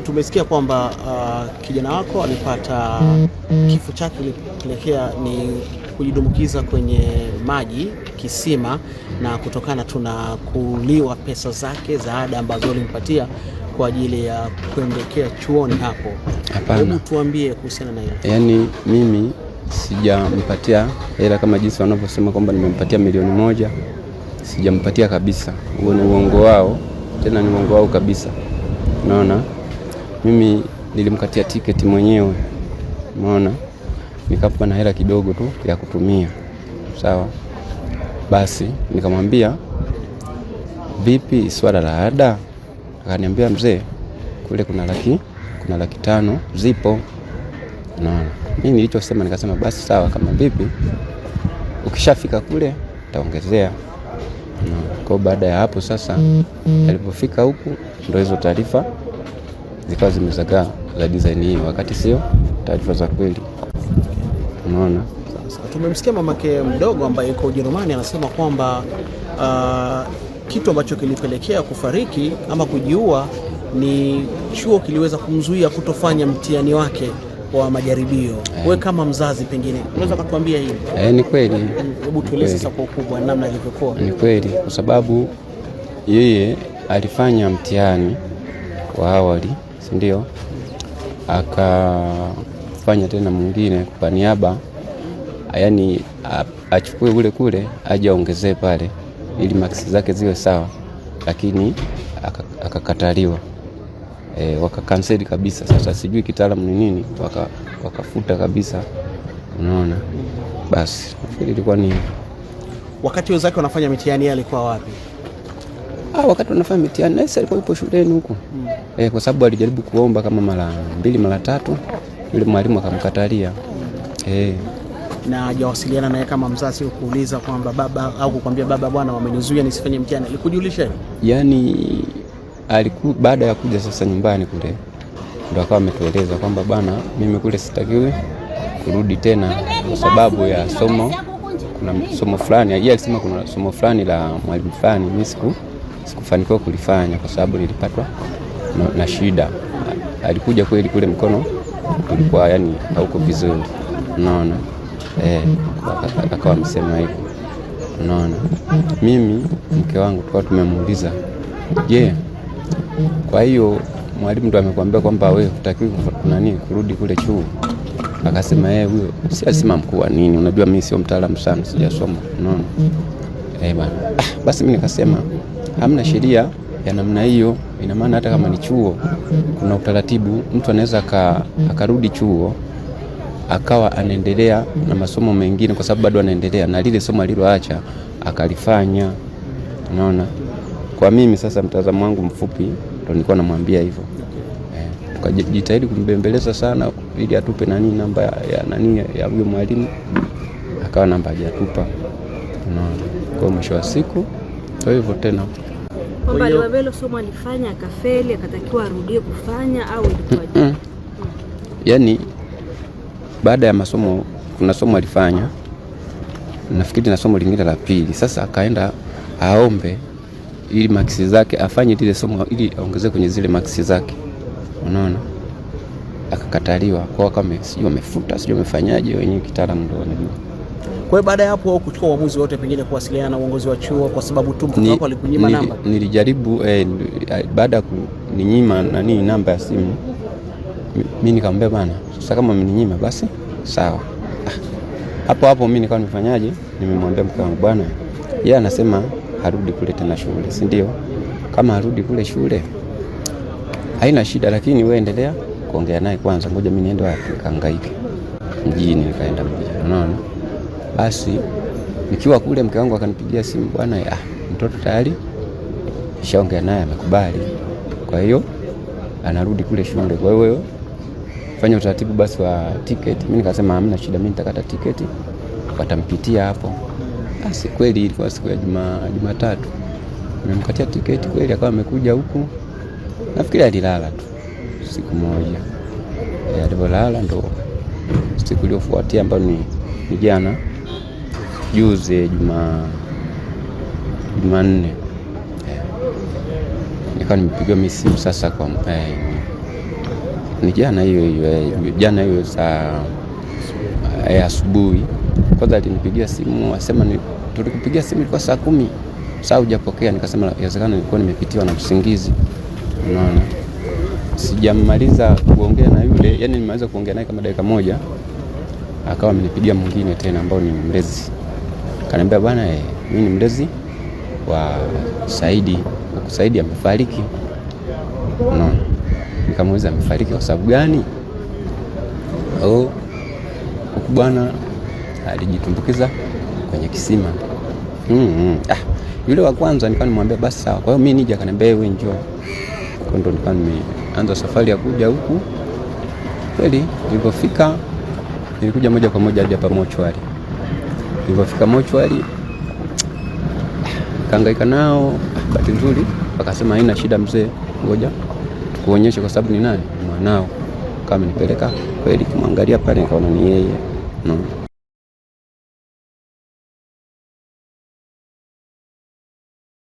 tumesikia kwamba uh, kijana wako alipata kifo chake kilipelekea ni kujidumbukiza kwenye maji kisima, na kutokana tuna kuliwa pesa zake za ada ambazo ulimpatia kwa ajili ya kuendekea chuoni hapo. Hapana, hebu tuambie kuhusiana na hiyo. Yaani mimi sijampatia hela kama jinsi wanavyosema kwamba nimempatia milioni moja, sijampatia kabisa. Huo ni uongo wao, tena ni uongo wao kabisa, unaona mimi nilimkatia tiketi mwenyewe, umeona, nikapa na hela kidogo tu ya kutumia. Sawa, basi nikamwambia vipi swala la ada? Akaniambia mzee, kule kuna laki kuna laki tano zipo. Unaona, mimi nilichosema, nikasema basi sawa, kama vipi, ukishafika kule taongezea. kwao. baada ya hapo sasa, alipofika huku, ndo hizo taarifa zikawa zimezagaa za design hii, wakati sio taarifa za kweli. Unaona, tumemsikia mamake mdogo ambaye yuko Ujerumani anasema kwamba uh, kitu ambacho kilipelekea kufariki ama kujiua ni chuo kiliweza kumzuia kutofanya mtihani wake wa majaribio. Wewe eh. kama mzazi, pengine unaweza kutuambia hili? Eh, ni kweli. Hebu tueleze sasa kwa ukubwa namna ilivyokuwa. Ni kweli, kwa sababu yeye alifanya mtihani wa awali si ndio? Akafanya tena mwingine kwa niaba, yaani achukue ule kule aje aongezee pale ili maksi zake ziwe sawa, lakini akakataliwa. E, wakakanseli kabisa. Sasa sijui kitaalamu ni nini, wakafuta waka kabisa. Unaona, basi nafikiri ilikuwa ni wakati wenzake wanafanya mitihani, alikuwa wapi? Ah, wakati wanafanya mitihani Naisi alikuwa yupo shuleni huko mm. Eh, kwa sababu alijaribu kuomba kama mara mbili mara tatu, yule mwalimu akamkatalia Eh, na hajawasiliana naye kama mzazi kuuliza kwamba baba au kukwambia baba, bwana wamenizuia nisifanye mtihani, alikujulisha Yaani aliku, baada ya kuja sasa nyumbani kule ndo akawa ametueleza kwamba bwana, mimi kule sitakiwi kurudi tena kwa sababu ya somo, kuna somo fulani yeye alisema kuna somo fulani la mwalimu fulani mimi siku sikufanikiwa kulifanya kwa sababu nilipatwa na, na shida. Alikuja kweli kule mkono ulikuwa yani hauko vizuri, unaona eh, akawa msema hivyo, unaona. Mimi mke wangu tukawa tumemuuliza je, yeah. kwa hiyo mwalimu ndo amekwambia kwamba wewe hutaki nani kurudi kule chuo? Akasema yeye eh, huyo si asema mkuu wa nini, unajua mimi sio mtaalamu sana, sijasoma unaona eh bana. basi mimi nikasema hamna sheria ya namna hiyo. Ina maana hata kama ni chuo, kuna utaratibu. Mtu anaweza akarudi chuo akawa anaendelea na masomo mengine, kwa sababu bado anaendelea na lile somo aliloacha akalifanya. Unaona, kwa mimi sasa, mtazamo wangu mfupi ndo nilikuwa namwambia hivyo eh, tukajitahidi kumbembeleza sana ili atupe nani namba ya nani ya huyo mwalimu, akawa namba hajatupa. Unaona, kwa mwisho wa siku kwa hivyo tena kwamba Liwavelo somo alifanya akafeli, akatakiwa arudie kufanya au ilikuwaje? Yaani baada ya masomo kuna somo alifanya nafikiri na somo lingine la pili, sasa akaenda aombe ili maksi zake afanye lile somo ili aongeze kwenye zile maksi zake, unaona, akakataliwa kwa kama sijui wamefuta sijui wamefanyaje, wenyewe kitaalamu ndio wanajua. Kwa hiyo baada ya hapo kuchukua uamuzi wote pengine kuwasiliana na uongozi wa chuo kwa sababu tu mtoto wako alikunyima namba? Nilijaribu eh, baada ya kuninyima nani namba ya simu, mimi nikamwambia bana, sasa kama mninyima basi sawa. Ah, hapo hapo mimi nikawa nifanyaje, nimemwambia mke wangu bwana, yeye anasema harudi kule tena shule, si ndio? Kama harudi kule shule haina shida, lakini wewe endelea kuongea naye kwanza, ngoja mimi niende wapi kangaike mjini. Nikaenda mjini, unaona basi nikiwa kule, mke wangu akanipigia simu, bwana, ya mtoto tayari ishaongea naye amekubali, kwa hiyo anarudi kule shule. Kwa hiyo fanya utaratibu basi wa tiketi. Mimi nikasema hamna shida, mimi nitakata tiketi, watampitia hapo. Basi kweli ilikuwa siku ya Jumatatu, nimemkatia tiketi kweli, akawa amekuja huku. Nafikiri alilala tu siku moja, alivyolala ndo siku iliyofuatia ambayo ni jana juzi juma Jumanne eh, nikawa nimepigiwa misimu sasa kwa eh, ni jana hiyo hiyo eh, jana hiyo saa eh, asubuhi kwanza alinipigia simu asema ni, tulikupigia simu ilikuwa saa kumi saa hujapokea. Nikasema inawezekana nilikuwa nimepitiwa na usingizi, unaona sijamaliza kuongea na yule, yani nimeweza kuongea naye kama dakika moja, akawa amenipigia mwingine tena ambao ni mlezi Kaniambia bwana, e, eh, mimi ni mlezi wa Saidi, Saidi amefariki. No. Nikamuuliza amefariki kwa sababu gani? Oh, bwana alijitumbukiza kwenye kisima. Mm -hmm. Ah, yule wa kwanza nikawa nimwambia basi sawa. Kwa hiyo mimi nija, akaniambia wewe eh, njoo. Kwa ndo nikawa nimeanza safari ya kuja huku. Kweli nilipofika nilikuja moja kwa moja hadi hapa mochwari. Nilipofika mochwari yaani, kaangaika nao, bahati nzuri akasema haina shida mzee, ngoja tukuonyeshe kwa sababu ni nani mwanao. Kama nipeleka kweli kumwangalia pale, kaona ni yeye no.